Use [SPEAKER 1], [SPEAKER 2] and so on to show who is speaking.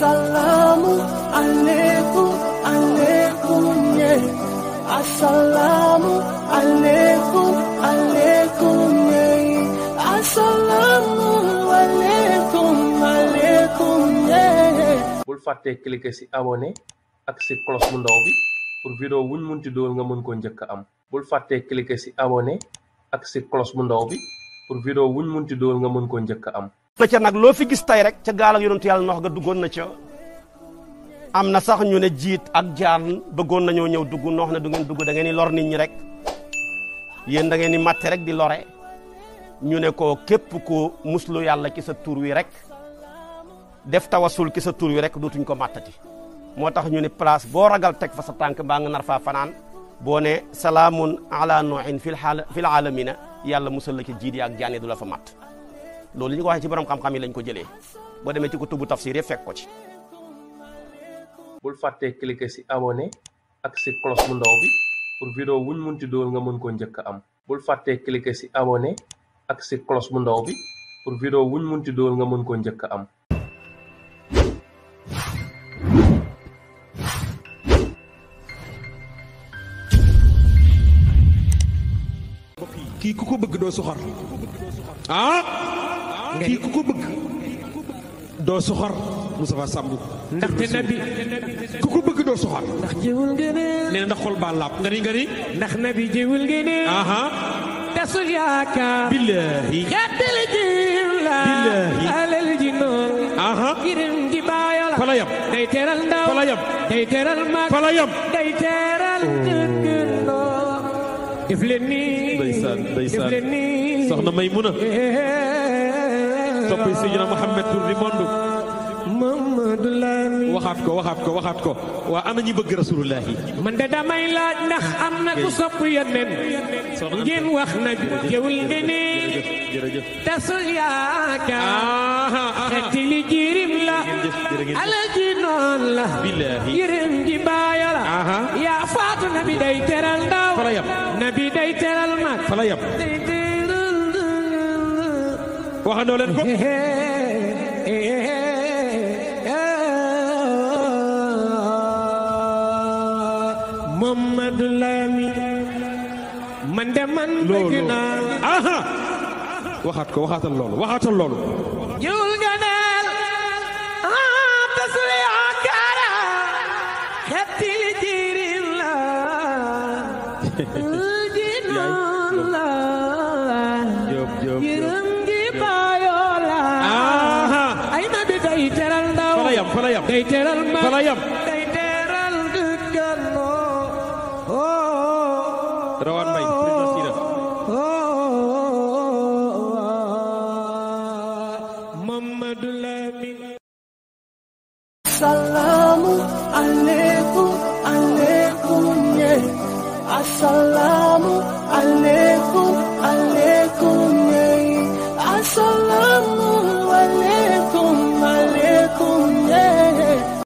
[SPEAKER 1] Assalamu alaikum alaikum ye Assalamu alaikum alaikum ye Assalamu alaikum alaikum ye
[SPEAKER 2] Bul fàtte cliquer ci abonné ak ci cloche mu bi pour vidéo wuñ munti doon nga mën ko am bul fàtte cliquer ci abonné ak ci cloche mu bi pour vidéo wuñ munti dool nga mën koo njëkk am. na nag loo fi gis tey rek ca gaal ak yonentu yàlla ga duggoon na
[SPEAKER 3] ca am na sax ñu ne jiit ak jaan bëggoon ñoo ñëw dugg noox ne du ngeen dugg dangeen ngeen di lor nit ñi rek yéen da ngeen di matte rek di lore ñu ne ko képp ko muslu yàlla ci sa tuur wi rek def tawasul ki sa tur wi rek dootuñ ko màttati moo tax ñu ne place boo ragal teg fa sa tànk baa nga nar faa fanaan. boo ne salaamun ala nooxin fil fil aalamina yàlla musal la ci jiit yi ak jaane du la fa matt loolu ñu ko waxee ci borom xam-xam yi lañ ko jëlee boo demee ci kutubu tafsir yëpp fekk ko ci.
[SPEAKER 2] bul fàttee cliquer si abonné ak si cloche bu ndaw bi pour vidéo wuñ munti dool nga mën koo njëkk a am. bul fàttee cliquer si abonné ak si cloche bu ndaw bi pour vidéo wuñ munti dool nga mën koo njëkk a am.
[SPEAKER 3] kii ku ko bëgg doo soxor ah kii ku ko bëgg doo soxor Moustapha Samb ndaxte nabi ku ko bëgg doo soxor ndax jëwul ngeen nee ndax xol baa laab
[SPEAKER 1] nga ni ndax nabi jëwul ngeen aha tasu yaakaar billahi xettal jiw la billahi alal ji aha kirim ji baayo la fa day teral ndaw fa day teral mag def leen nii ndeysaan ndeysaan soxna Maymuna topp Seydina Muhammad tour du monde waxaat ko waxaat ko waxaat ko waa ana ñi bëgg rasulullah yi man de damay laaj ndax am na ku sopp yeneen ngeen wax na jëwul dene tasu yaakaar xetti li jirim la ala ji noon la yërëm ji baaya la yaa faatu na day teral ndaw nabi day teral mag fa la yem waxandoo leen ko Mamadou Lamine man de man bëgg naa aha waxaat ko waxaatal loolu waxaatal loolu day teral ma fa la yam day teral dëkkandoo rawaan mbay président Sida Mamadou Lamine